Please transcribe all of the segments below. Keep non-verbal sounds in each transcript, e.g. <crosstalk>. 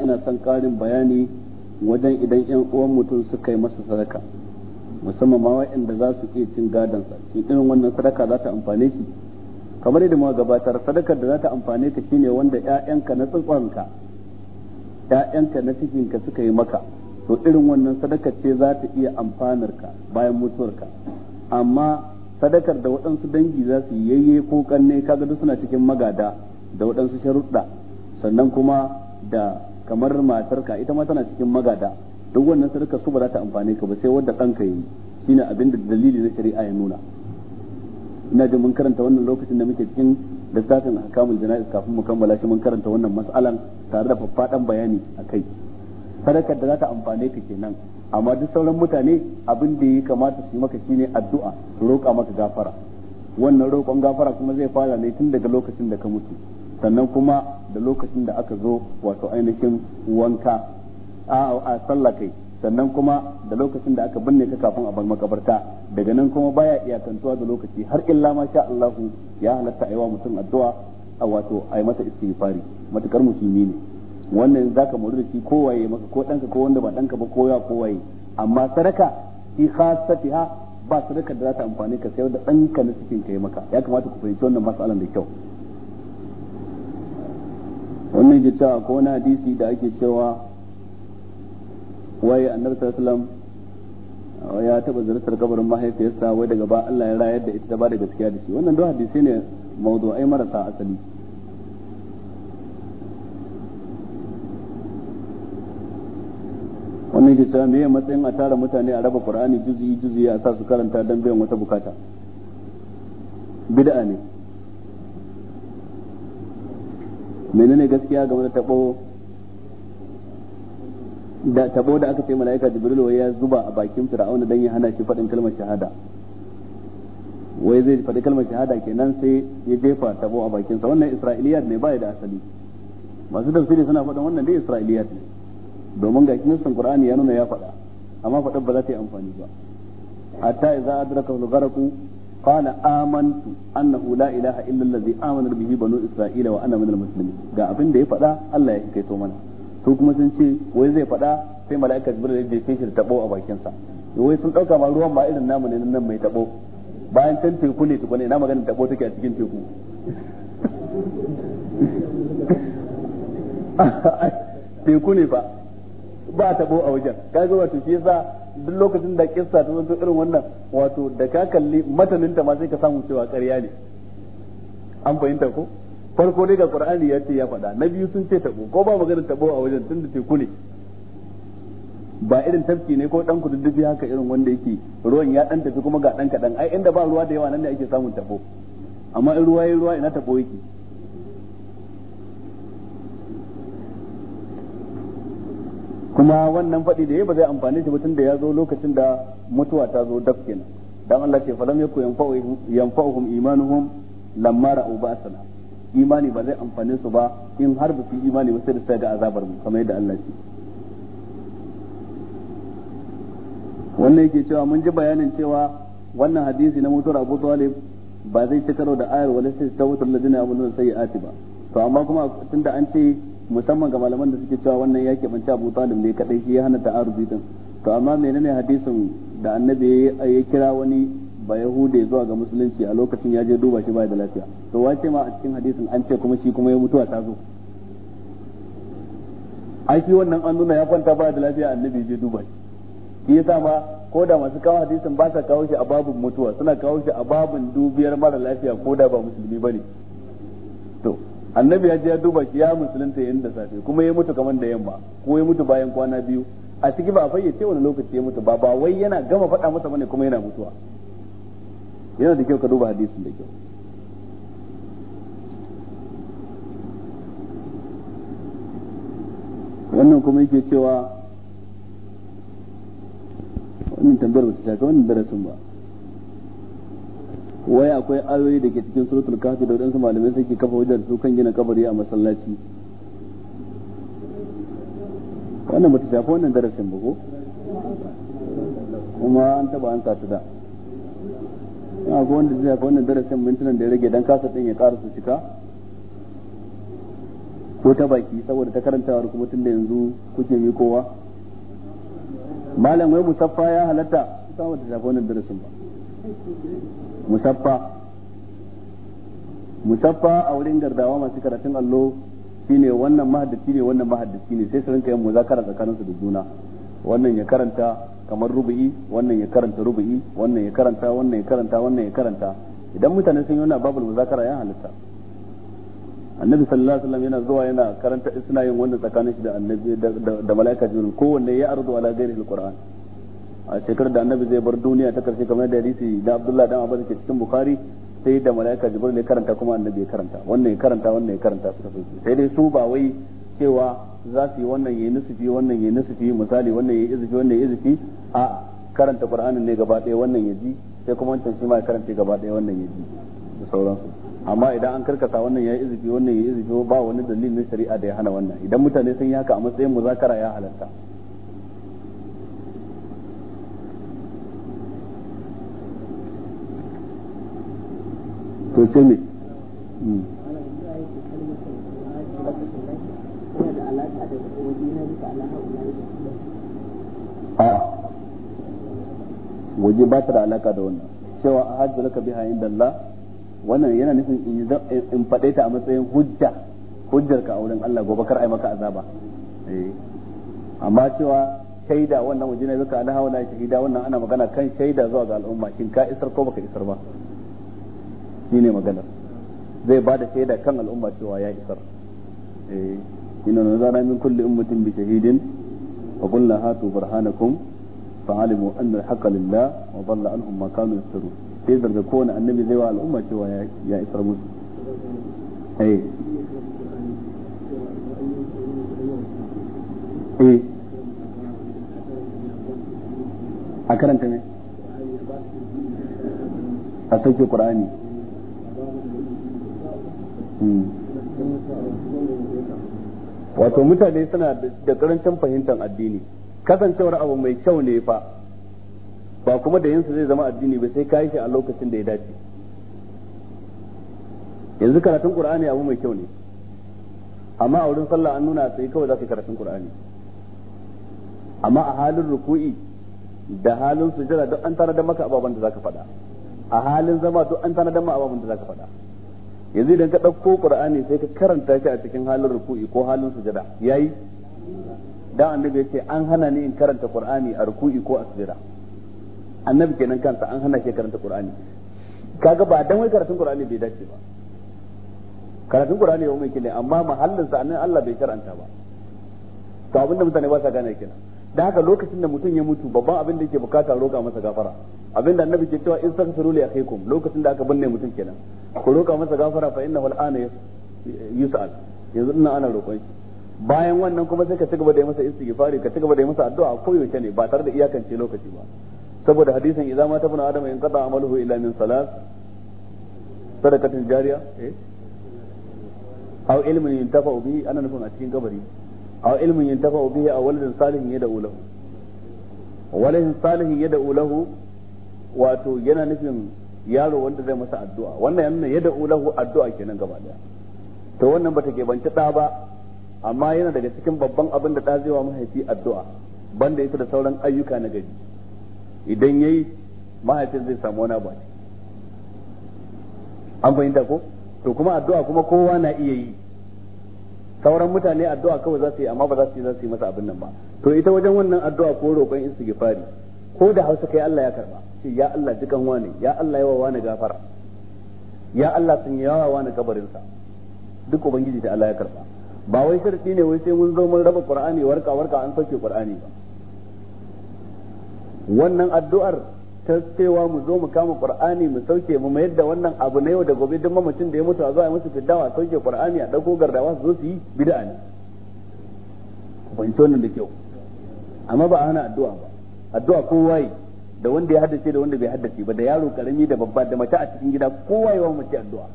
ina son karin bayani wajen idan yan uwan mutum suka yi masa sadaka musamman ma waɗanda za su iya cin gadonsa shi irin wannan sadaka za ta amfane shi kamar yadda muka gabatar sadakar da za ta amfane ka shine wanda ƴaƴanka na tsatsanka ƴaƴanka na cikinka suka yi maka to irin wannan sadakar ce za ta iya amfanar ka bayan mutuwarka amma sadakar da waɗansu dangi za su yi yayye ko kanne kaga duk suna cikin magada da waɗansu sharuɗa sannan kuma da kamar matarka ita ma tana cikin magada duk wannan sadaka su ba za ta amfane ka ba sai wanda kanka yi shine abin da dalili na shari'a ya nuna ina jin mun karanta wannan lokacin da muke cikin lissafin hakamul jana'iz kafin mu kammala shi mun karanta wannan mas'alan tare da faffaɗan bayani a kai sadakar da za ta amfane ka kenan amma duk sauran mutane abin da ya kamata su yi maka shine addu'a su roƙa maka gafara wannan roƙon gafara kuma zai fara ne tun daga lokacin da ka mutu sannan kuma da lokacin da aka zo wato ainihin wanka a sallah kai sannan kuma da lokacin da aka binne ka kafin a bar makabarta daga nan kuma baya iyakantuwa da lokaci har illa ma sha Allah ya halatta aiwa mutum addu'a a wato a yi mata istighfari matukar musulmi ne wannan zaka muru da shi kowaye maka ko danka ko wanda ba danka ba koya kowaye amma sadaka fi khassatiha ba sadaka da za ta amfane ka sayar da danka na cikin kai maka ya kamata ku fahimci wannan mas'alan da kyau wannan ke cewa ko wani hadisi da ake cewa waye annabi sallallahu alaihi ya taba zartar kabarin mahaifiyarsa wai daga ba Allah ya rayar da ita da ba da gaskiya da shi wannan duk hadisi ne mawdu'ai marasa asali wannan ke cewa meye matsayin a tara mutane a raba qur'ani juzuyi juzi a sa su karanta don biyan wata bukata bid'a ne menene gaskiya game da tabo da tabo da aka ce mala'ika jibril wai ya zuba a bakin fir'auna dan ya hana shi faɗin kalmar shahada wai zai faɗi kalmar shahada kenan sai ya jefa tabo a bakin sa wannan isra'iliyat ne bai da asali masu tafsiri suna faɗin wannan dai isra'iliyat ne domin ga kinsan qur'ani ya nuna ya faɗa amma faɗin ba za ta yi amfani ba hatta idza adraka al-gharqu قال آمنت أنه لا إله إلا الذي آمن به بنو إسرائيل وأنا من المسلمين ga abin da ya faɗa Allah ya kai to mana su kuma sun ce wai zai faɗa sai mala'ika jibril ya jefe shi da tabo a bakin wai sun dauka ma ruwan ba irin namu ne nan mai tabo bayan can teku ne tukune ina maganin tabo take a cikin teku teku ne fa ba tabo a wajen kaga wato shi yasa duk lokacin da kissa ta zo irin wannan wato da ka kalli matanin ta ma sai ka samu cewa ƙarya ne an fahimta ko farko dai ga qur'ani ya ce ya faɗa na biyu sun ce tabo ko ba maganar tabo a wajen tunda teku ne ba irin tafki ne ko dan kududdufi haka irin wanda yake ruwan ya dan tafi kuma ga dan kadan ai inda ba ruwa da yawa nan ne ake samun tabo amma in ruwa yayi ruwa ina tabo yake kuma wannan faɗi da ya ba zai amfane shi ba da ya zo lokacin da mutuwa ta zo daf kenan dan Allah ce falam yaku yanfa'uhum imanuhum lamma ra'u ba'sana imani ba zai amfane su ba in har ba su imani ba sai da sai ga azabar mu kamar yadda Allah ce wannan yake cewa mun ji bayanin cewa wannan hadisi na mutuwar Abu Talib ba zai ci karo da ayar wala sai ta wutar ladina ya ati ba to amma kuma tunda an ce musamman ga malaman da suke cewa wannan ya keɓance Abu Talib ne kadai shi ya hana ta'aruzi din to amma menene hadisin da annabi ya kira wani ba yahude zuwa ga musulunci a lokacin ya je duba shi ba da lafiya to wace ma a cikin hadisin an ce kuma shi kuma ya mutuwa ta zo ai shi wannan an nuna ya kwanta ba da lafiya annabi je duba shi shi yasa ma ko da masu kawo hadisin ba sa kawo shi a babun mutuwa suna kawo shi a babun dubiyar mara lafiya ko da ba musulmi bane annabi ya je ya duba shi ya musulunta yayin da safe kuma ya mutu kamar da yamma ko ya mutu bayan kwana biyu a ciki ba fayyace wani lokaci ya mutu ba ba wai yana gama faɗa masa bane kuma yana mutuwa yana da kyau ka duba hadisin da kyau wannan kuma yake cewa wannan tambayar ba ta shafi wannan darasin ba wai akwai ayoyi da ke cikin suratul kafi da wadansu malamai suke kafa hujjar su kan gina kabari a masallaci wannan bata shafi wannan darasin ba ko kuma an taba an tasu da ina ga wanda zai haka wannan darasin mintunan da ya rage dan kasa din ya ƙara su cika ko ta baki saboda ta wani kuma tun da yanzu kuke mi kowa malam wai musaffa ya halatta ita ta shafi wannan darasin ba musaffa musaffa a wurin gardawa masu karatun allo shine wannan mahaddaci ne wannan mahaddaci ne sai su rinka yin muzakara tsakanin su da juna wannan ya karanta kamar rubu'i wannan ya karanta rubu'i wannan ya karanta wannan ya karanta wannan ya karanta idan mutane sun yi wannan babul muzakara ya halitta annabi sallallahu alaihi wasallam yana zuwa yana karanta suna yin wannan tsakanin shi da annabi da malaika jibril kowanne ya arzu ala ghairi alquran a shekarar da annabi zai bar duniya ta karshe kamar da hadisi da Abdullahi dan Abbas ke cikin Bukhari sai da malaika Jibril ne karanta kuma annabi ya karanta wannan ya karanta wannan ya karanta suka so sai dai su ba wai cewa za su yi wannan yayi nusufi wannan yayi nusufi misali wannan yayi izufi wannan yayi izufi a karanta Qur'anin ne gaba ɗaya wannan ya ji sai kuma wancan shi ma ya karanta gaba ɗaya wannan ya ji da sauransu amma idan an karkasa wannan yayi izufi wannan yayi izufi ba wani dalilin shari'a da ya hana wannan idan mutane sun yi haka a matsayin muzakara ya halatta to ce me a hmm. waje ba ta da alaka da wannan cewa a hajji laka biha inda Allah wannan yana nufin in faɗe ta a matsayin hujja hujjar ka a wurin Allah gobe kar ai maka azaba eh. amma cewa shaida wannan waje na bi ka alaha wala shahida wannan ana magana kan shaida zuwa ga al'umma shin ka isar ko baka isar ba shine maganar zai ba da shaida kan al'umma cewa ya isar eh inna nazara min kulli ummatin bi shahidin hatu burhanakum anna al-haqqa lillah wa dhalla anhum ma kanu sai kowane annabi zai wa al'umma cewa ya isar musu eh, eh. a karanta ne a sauke qur'ani wato mutane suna da karancin fahimtar addini kasancewar abu mai kyau ne fa ba kuma da yinsa zai zama addini ba sai kayi shi a lokacin da ya dace yanzu karatun qur'ani abu mai kyau ne amma a wurin sallah an nuna sai kawai za ka karatun qur'ani amma a halin ruku'i da halin sujada duk an da maka ababen da zaka faɗa a halin zama duk an da maka ababen da zaka faɗa yanzu idan ka ɗauko qur'ani sai ka karanta shi a cikin halin ruku'i ko halin sujada yayi dan annabi yace ce an hana ni in karanta qur'ani a ruku'i ko a sujada annabi kenan kansa an hana shi karanta qur'ani kaga ba dan wai karatun qur'ani bai dace ba karatun qur'ani ya mai kine amma mahallin sa annabi Allah bai karanta ba to abinda mutane ba sa gane kenan da haka lokacin da mutum ya mutu babban abin da yake bukata roƙa masa gafara abin da annabi ke cewa in saka li akhikum lokacin da aka binne mutum kenan ku roƙa masa gafara fa wal ana yus'al yanzu ina ana roƙon shi bayan wannan kuma sai ka ci gaba da yi masa istighfari ka ci gaba da yi masa addu'a koyaushe ne ba tare da iyakance lokaci ba saboda hadisin idza ma tabuna adama in qada amaluhu illa min salat sadaqatin jariya eh aw ilmin yuntafa'u bihi ana nufin a cikin gabari. aw ilmin yuntafa'u bihi aw waladin salihin yad'u lahu waladin salihin yad'u lahu wato yana nufin yaro wanda zai masa addu'a wannan yana yada ulahu addu'a kenan gaba daya to wannan bata ke banci da ba amma yana daga cikin babban abin da da zai wa mahaifi addu'a banda yake da sauran ayyuka na gari idan yayi mahaifin zai samu wani abu an fahimta ko to kuma addu'a kuma kowa na iya yi sauran mutane addu'a kawai za su yi amma ba za su yi za su yi masa abin nan ba to ita wajen wannan addu'a ko roƙon istighfari ko da Hausa kai Allah ya karba ce ya Allah dukan wane ya Allah yawa wane gafara ya Allah sun yawa wane kabarinsa duk ubangiji da Allah ya karba ba wai sharti ne wai sai mun zo mun raba qur'ani warka warka an sauke qur'ani ba wannan addu'ar ta cewa mu zo mu kama qur'ani mu sauke mu mayar da wannan abu na yau da gobe duk mamacin da ya mutu a zo a musu fiddawa sauke qur'ani a dauko gardawa su zo su yi bid'a ne ban fahimci da kyau amma ba a hana addu'a ba addu'a kowa yi da wanda ya haddace da wanda bai haddace ba da yaro karami da babba da mace a cikin gida kowa wani mace addu'a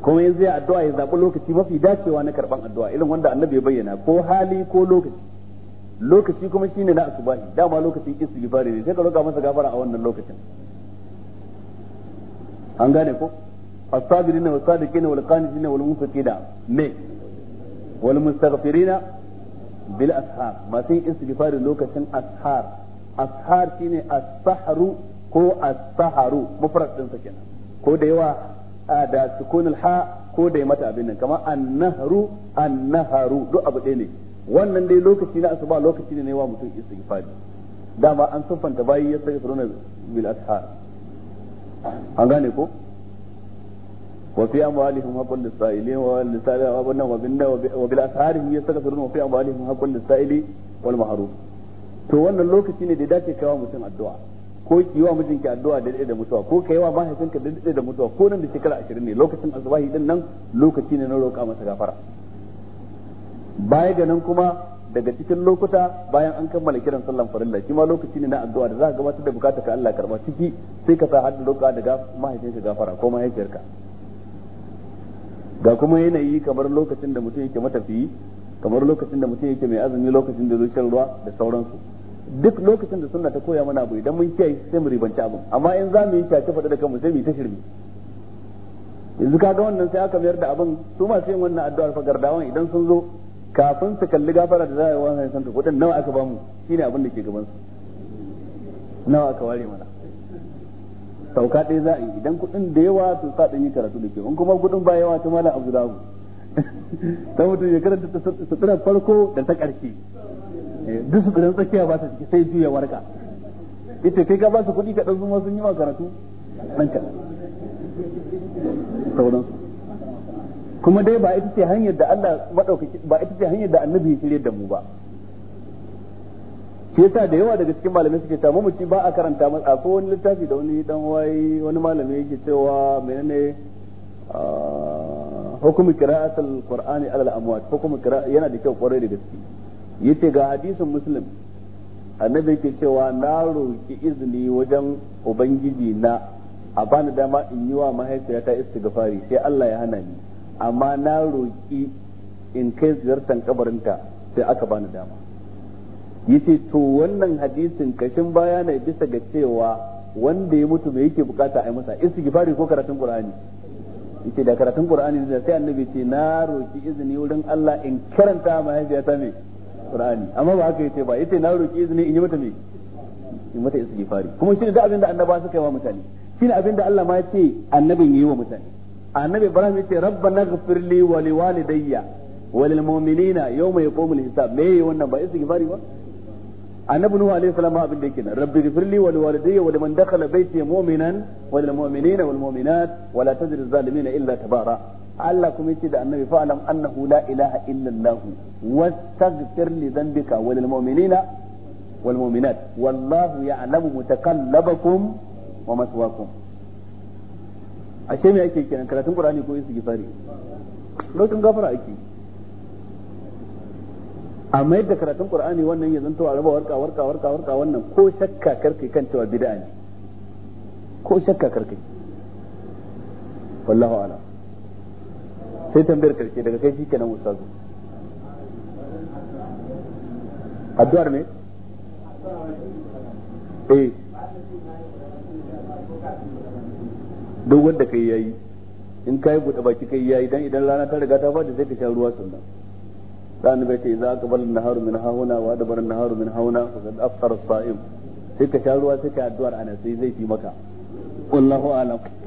kuma yanzu ya addu'a ya zaɓi lokaci mafi dacewa na karɓan addu'a irin wanda annabi ya bayyana ko hali ko lokaci lokaci kuma shine na asubahi dama lokacin istighfari ne sai ka roƙa masa gafara a wannan lokacin an gane ko as-sabirina was-sadiqina wal-qanitina wal-munfiqina me wal-mustaghfirina bil ashar masu yin istighfari lokacin ashar ashar shine as-sahru ko as-saharu mufrad din sa kenan ko da yawa da sukun ha ko da mata abin nan kamar an-nahru an-naharu duk abu ɗaya ne wannan dai lokaci na asuba lokaci ne wa mutum istighfari dama an siffanta bayi ya sai suruna bil ashar an gane ko wa fi amwalihim haqqul lisaili wa lisaili wa banna wa binna wa bil ashar wa fi amwalihim haqqul lisaili wal mahruf to wannan lokaci ne da dace wa mutum addu'a ko ki wa mijinki addu'a da da mutuwa ko kai wa mahaifinka da da mutuwa ko nan da shekara 20 ne lokacin azbahi din nan lokaci ne na roƙa masa gafara baya ga nan kuma daga cikin lokuta bayan an kammala kiran sallan farilla shi ma lokaci ne na addu'a da za ka gabatar da bukata ka Allah karba ciki sai ka sa hadin roƙa daga mahaifinka gafara ko mahaifiyarka ga kuma yanayi kamar lokacin da mutum yake matafiyi kamar lokacin da mutum yake mai azumi lokacin da zai shan ruwa da sauransu duk lokacin da sunna ta koya mana abu idan mun kiyaye sai mu ribanci abin amma in za mu yi kyace faɗa da kanmu sai mu yi ta shirme yanzu kaga wannan sai aka mayar da abin su masu yin wannan addu'ar fa gardawan idan sun zo kafin su kalli gafara da za a yi wannan santa kudin nawa aka bamu shine abin da ke gaban su nawa aka ware mana sauka ɗaya za a yi idan kuɗin da yawa to sa ɗan yi karatu da ke in kuma kuɗin ba yawa ta malam abu za mu <laughs> ta mutum ya karanta sutura farko da ta ƙarshe duk su tsirin tsakiya ba su ciki sai juya warka ita kai ka ba su ka ɗan zuma sun yi ma karatu nan ka sauran kuma dai ba ita ce hanyar da Allah madauka ba ita ce hanyar da annabi ya shirye da mu ba shi yasa da yawa daga cikin malamai suke ta mamaci ba a karanta masa ko wani littafi da wani dan wayi wani malami yake cewa menene ah, hukumin qira'atul qur'ani alal amwat hukumin qira'a yana da kyau kwarai da gaske yace ga hadisin muslim annabi yake cewa na roki izini wajen ubangiji na a bani dama in yi wa mahaifiyata istighfari sai Allah ya hana ni amma na roki in kai ziyartar kabarinta sai aka bani dama yace to wannan hadisin kashin baya ne bisa ga cewa wanda ya mutu me yake bukata a yi masa istighfari ko karatun qur'ani yace da karatun qur'ani sai annabi ce na roki izini wurin Allah in karanta mahaifiyata me qur'ani amma ba haka yace ba yace na roki izini in yi mata me in mata istighfari kuma shine da abin da annaba suka kai wa mutane shine abin da Allah ma yace annabin yi wa mutane annabi Ibrahim yace rabbana ighfir li wa li walidayya wa lil mu'minina yawma yaqumul hisab me yayi wannan ba istighfari ba annabi nuhu alaihi salam abin da yake nan rabbi ighfirli wa liwalidayya wa liman dakhala baiti mu'minan wa lil mu'minina wal mu'minat wa la tajid zalimin illa tabara Allah kuma yace da annabi fa alam annahu la ilaha illa Allah wastaghfir li dhanbika wal mu'minina wal mu'minat wallahu ya'lamu mutaqallabakum wa maswaakum ashe me ake kenan karatun qur'ani ko istighfari lokacin gafara ake amma yadda karatun qur'ani wannan ya zanto a raba warka warka warka warka wannan ko shakka karkai kan cewa bid'a ne ko shakka karkai wallahu a'lam sai tambayar karshe daga kai shikenan ustazu addu'ar ne eh duk wanda kai yayi in kai bude baki kai yayi dan idan rana ta riga ta fadi sai ka sha ruwa sannan dan bai ce idza aqbal an-naharu min hauna wa adbara an-naharu min hauna faqad afṭara as-sa'im sai ka sha ruwa sai ka addu'ar ana sai zai fi maka wallahu a'lam